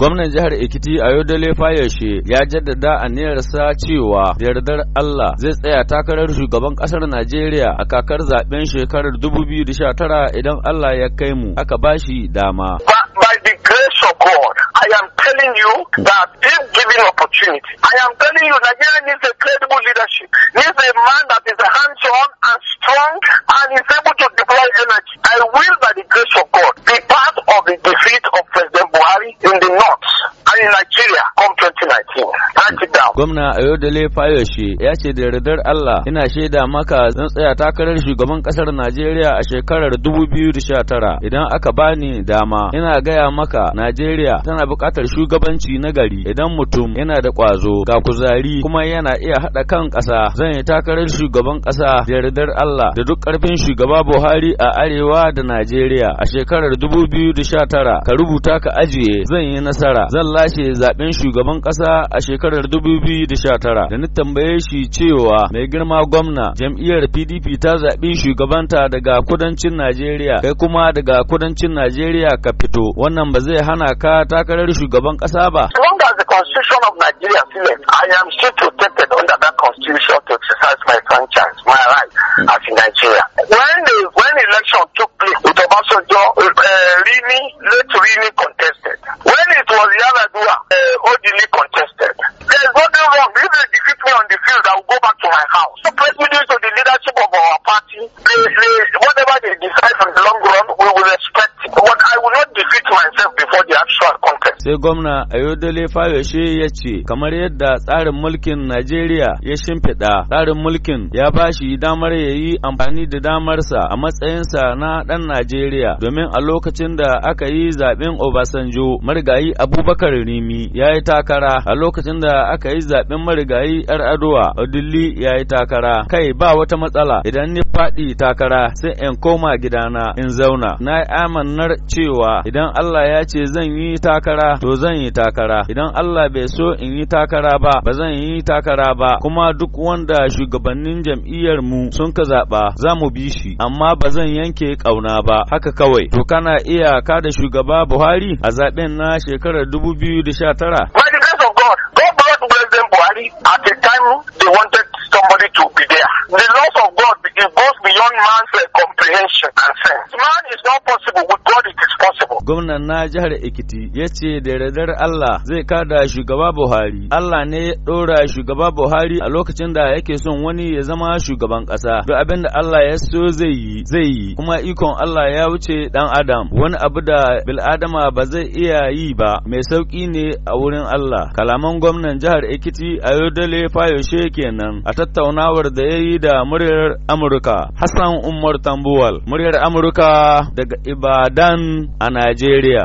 Gwamnan jihar Ekiti Ayodele Fayashe, ya jaddada aniyarsa cewa yardar Allah zai tsaya takarar shugaban kasar Najeriya a kakar zaben shekarar 2019 idan Allah ya kai mu aka bashi dama. By the grace of God, I am telling you that if given opportunity, I am telling you Nigeria needs a credible leadership, needs a man that is hands-on and strong and is able to deploy energy. I will, by the grace of God, be part the defeat of President Buhari in the north. in Nigeria come 2019. Write it Gwamna Ayodele Fayoshe ya ce da yardar Allah ina shaida maka zan tsaya takarar shugaban kasar Najeriya a shekarar 2019 idan aka bani dama ina gaya maka Najeriya tana buƙatar shugabanci na gari idan mutum yana da ƙwazo ga kuzari kuma yana iya haɗa kan ƙasa zan yi takarar shugaban ƙasa da yardar Allah da duk ƙarfin shugaba Buhari a arewa da Najeriya a shekarar 2019 ka rubuta ka ajiye zan yi nasara zan la lashe zaben shugaban kasa a shekarar 2019 da ni tambaye shi cewa mai girma gwamna jam'iyyar PDP ta zaɓi shugabanta daga kudancin Najeriya kai kuma daga kudancin Najeriya ka fito wannan ba zai hana ka takarar shugaban kasa ba. Constitution of Nigeria says I am still protected under that constitution to exercise my franchise, my right mm. as in Nigeria. When the when election took place with Obasanjo, uh, really, late Rini contested. uh, orderly contested. There's nothing wrong. If they defeat me on the field, I will go back to my house. So press me to the leadership of our party. They, they, whatever they decide in the long run, we will respect. But I will not defeat myself before the actual contest. sai gwamna Ayodele Fayoshe ya ce kamar yadda tsarin mulkin Najeriya ya shimfiɗa tsarin mulkin ya ba shi damar ya yi amfani da damarsa a matsayinsa na ɗan Najeriya domin a lokacin da aka yi zaɓen Obasanjo marigayi Abubakar Rimi ya yi takara a lokacin da aka yi zaɓen marigayi Yar Adowa Odili ya yi takara kai ba wata matsala idan ne faɗi takara sai in koma gidana in zauna na yi amannar cewa idan Allah ya ce zan yi takara to zan yi takara idan Allah bai so in yi takara ba ba zan yi takara ba kuma duk wanda shugabannin jam'iyyar mu sun ka zaɓa za mu bi shi amma ba zan yanke ƙauna ba haka kawai to kana iya kada shugaba Buhari a zaɓen na shekarar 2019 at the time they wanted somebody to be there. The loss of it goes beyond man's comprehension and sense. Man is not possible, with God it Gwamnan na jihar Ekiti ya ce da yardar Allah zai kada shugaba Buhari. Allah ne ya ɗora shugaba Buhari a lokacin da yake son wani ya zama shugaban ƙasa. Duk abin da Allah ya so zai yi, zai yi. Kuma ikon Allah ya wuce ɗan Adam. Wani abu da bil'adama ba zai iya yi ba, mai sauƙi ne a wurin Allah. Kalaman gwamnan jihar Ekiti a Yodele Fayoshe kenan a tattaunawar da ya yi da muryar Amurka. Hassan Umar Tambo Awal, muryar Amurka daga Ibadan a Najeriya.